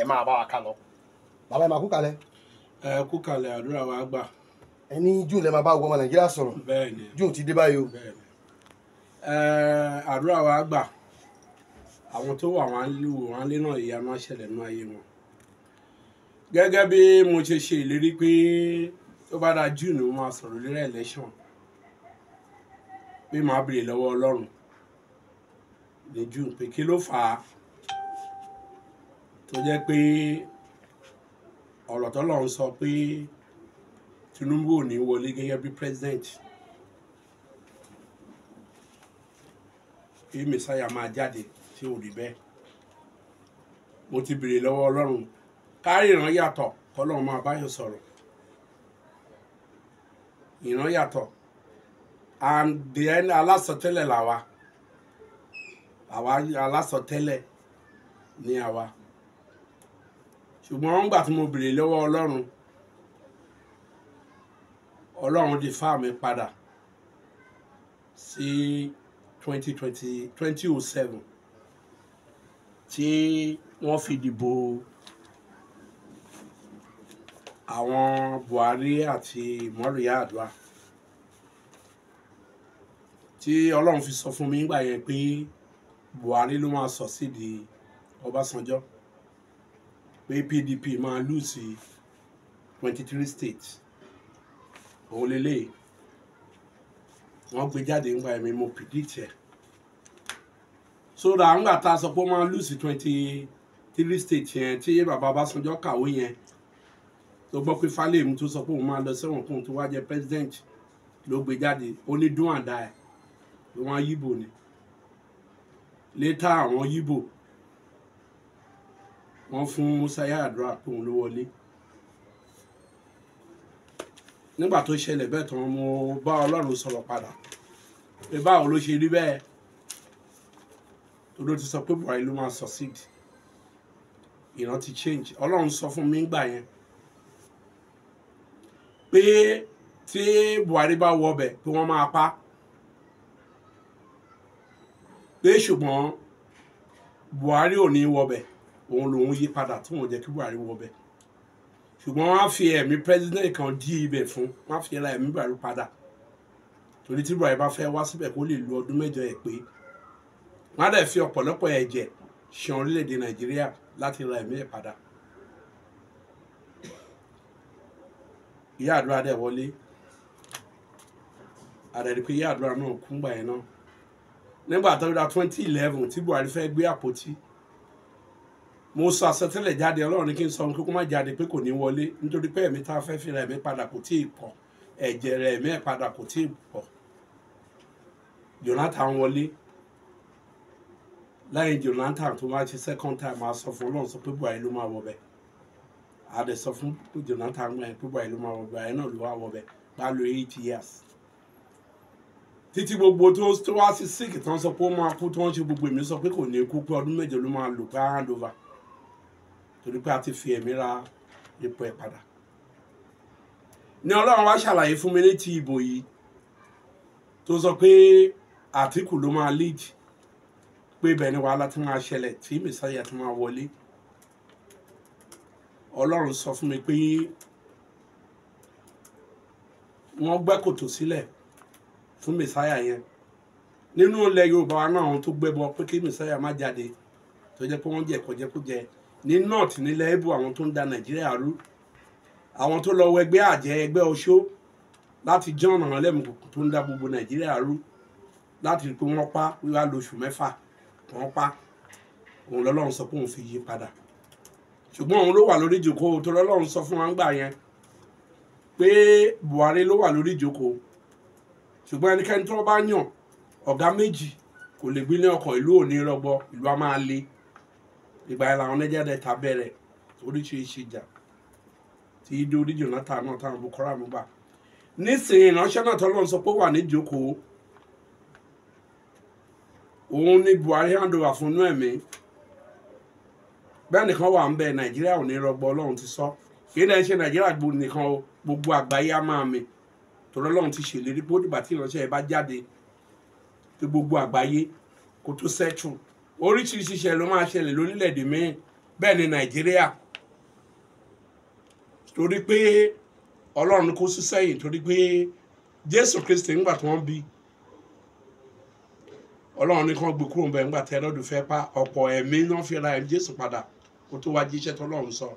ẹ máa bá wa ká lọ. bàbá ẹ máa kú kalẹ̀. ẹ kú kalẹ̀ àdúrà wa gbà. ẹ ní june lè máa bá ọmọ nàìjíríà sọ̀rọ̀ june ti dé báyìí o. àdúrà wa gbà àwọn tó wà wọn lù wọn lé náà ìyà máa ayé wọn. gẹ́gẹ́ bí mo ṣe ṣe ìlérí pé tó bá da june mo máa sọ̀rọ̀ lórí election pé màá béèrè lọ́wọ́ ọlọ́run ní june pé kí ló fà á tó jẹ́ pé ọ̀rọ̀ sọ pé Tinubu ò ní wọlé gẹ́gẹ́ bí president kí mẹsáyà máa jáde tí ò rí bẹ́ẹ̀ mo ti béèrè lọ́wọ́ Ọlọ́run kárí ìran yàtọ̀ kọ́lọ́run máa báyọ̀ sọ̀rọ̀ ìran yàtọ̀ làwa ṣùgbọ́n ńgbà tí mo béèrè lọ́wọ́ ọlọ́run ọlọ́run di fáàmì padà sí twenty twenty twenty oh seven tí wọ́n fi dìbò àwọn Buhari àti Mọ́ríyá Àdúà tí ọlọ́run fi sọ fún mi nígbà yẹn pé Buhari ló máa sọ sídìí Ọbásanjọ́. So pé PDP máa lùsì twenty three states òun lélẹ́yìí wọ́n gbé jáde ńgbà ẹ̀mí mo predict ẹ̀ so ra ńgbà tá a sọ pé ó máa lùsì twenty three states yẹn tí bàbá Ọbásanjọ́ kàwé yẹn tó gbọ́ pé Fálẹ́mi tó sọ pé òun máa lọ sẹ́wọ̀n kóun tó wá president ló gbé jáde ó ní dún àdá ẹ̀ wọ́n yíbò ni létà àwọn yíbò wọ́n fún Musa Yar'Adua tóun ló wọlé nígbà tó ṣẹlẹ̀ bẹ́ẹ̀ tán mo bá Ọlọ́run sọ̀rọ̀ padà pé báwo ló ṣe rí bẹ́ẹ̀ olóòtú sọ pé Buhari ló máa succeed ìran ti change Ọlọ́run sọ fún mi gbà yẹn pé tí Buhari bá wọ ọbẹ̀ pé wọ́n máa pa pé ṣùgbọ́n Buhari ò ní wọ ọbẹ̀ òun lòun yí padà tí wọ́n jẹ́ kí Buhari wọ bẹ́ẹ̀ ṣùgbọ́n wọ́n á fi ẹ̀mí president kan dí ibẹ̀ fún wọ́n á fi ẹ̀la ẹ̀mí Buhari padà torí tí Buhari bá fẹ́ wá síbẹ̀ kó lè lu ọdún mẹ́jọ ẹ̀ pé wọ́n á dẹ̀ fi ọ̀pọ̀lọpọ̀ ẹ̀jẹ̀ ṣan orílẹ̀-èdè Nàìjíríà láti ra ẹ̀mí ẹ̀ padà ìyá àdúrà dẹ̀ wọlé àdàdì pé ìyá àdúrà náà kúngbà yẹn náà nígbà tó dá twenty eleven tí Buhari fẹ́ gbé àpótí mo sọ àsọtẹ́lẹ̀ jáde Ọlọ́run ní kí n sọ kí kó má jáde pé kò ní wọlé nítorí pé ẹ̀mí tá a fẹ́ fira ẹ̀mí padà kò tí ì pọ̀ ẹ̀jẹ̀ rẹ̀ ẹ̀mí ẹ̀ padà kò tí ì pọ̀ Jonathan wọlé lẹ́yìn Jonathan tó máa ṣe second time a sọ fún Ọlọ́run sọ pé buhari ló máa wọ bẹ́ẹ̀ a dẹ̀ sọ fún Jonathan pé buhari ló máa wọ bẹ́ẹ̀ náà ló wá wọ bẹ́ẹ̀ bá eight years títí gbogbo tó wá sí sick tán sọ pé ó máa kú tó wọ́n ṣe gbogbo èmi sọ pé kò ní kú pé ọdún mẹ́jọ ló máa lò pé hand over torí pé a ti fi ẹ̀mí ra ipò ẹ̀ padà ní ọlọ́run wá ṣàlàyé fún mi létí ìbò yìí tó sọ pé àtìkù ló máa lead pé ibẹ̀ ni wàhálà ti máa ṣẹlẹ̀ tí mẹsàáyà ti máa wọlé ọlọ́run sọ fún mi pé wọ́n gbẹ́ kòtò sílẹ̀ fún mẹsàáyà yẹn nínú ilẹ̀ yorùbá wa náà àwọn tó gbẹ́bọ pé kí mẹsàáyà má jáde tó jẹ́ pé wọ́n jẹ́ kọjẹ́kújẹ́ ní north nílẹ̀ ibo àwọn tó ń da nàìjíríà rú àwọn tó lọ wọ ẹgbẹ́ àjẹ ẹgbẹ́ oṣó láti john àwọn ẹlẹ́mùkùnkùn tó ń da gbogbo nàìjíríà rú láti rí i pé wọ́n pa wíwá lóṣù mẹ́fà wọ́n pa òun lọ́lọ́run sọ pé òun fi yí padà ṣùgbọ́n òun ló wà lórí ìjókòó tó lọ́lọ́run sọ fún wa gbà yẹn pé buhari ló wà lórí ìjókòó ṣùgbọ́n ẹnikẹ́ni tó bá yàn ọ̀gá méjì kò lè gbé ní ọkọ̀ ìlú òní rọgbọ ìlú a máa le ìgbà yẹn làwọn Niger Delta bẹ̀rẹ̀ oríṣiríṣi ìjà tí dórí Jonathan náà táwọn Boko Haram bá nísìnyí ìránṣẹ́ náà tọ́lọ́ sọ pé wà ní ìjókòó òun ni Buhari handover fún inú bẹ́ẹ̀ nìkan wà ń bẹ Nàìjíríà ò ní rọgbọ Ọlọ́run ti sọ kì í lẹ́yìn ṣe Nàìjíríà nìkan gbogbo àgbáyé á máa mi torí Ọlọ́run ti ṣèlérí pé ó dìgbà tí ìránṣẹ́ yẹn bá jáde tí gbogbo àgbáyé kò tó sẹ́tù oríṣiríṣi ìṣẹ̀lẹ̀ ló máa ṣẹlẹ̀ lórílẹ̀‐èdè míì bẹ́ẹ̀ ni nàìjíríà torí pé ọlọ́run kó sí sẹ́yìn torí pé jésù kristi ńgbà tí wọ́n bí ọlọ́run ní kàn gbé kúrò ńbẹ̀ ńgbà tí ẹlọ́dún fẹ́ pa ọ̀pọ̀ ẹ̀mí náà fi ra ẹ̀mí jésù padà kó tó wá jíṣẹ́ tọ́lọ́run sọ̀rọ̀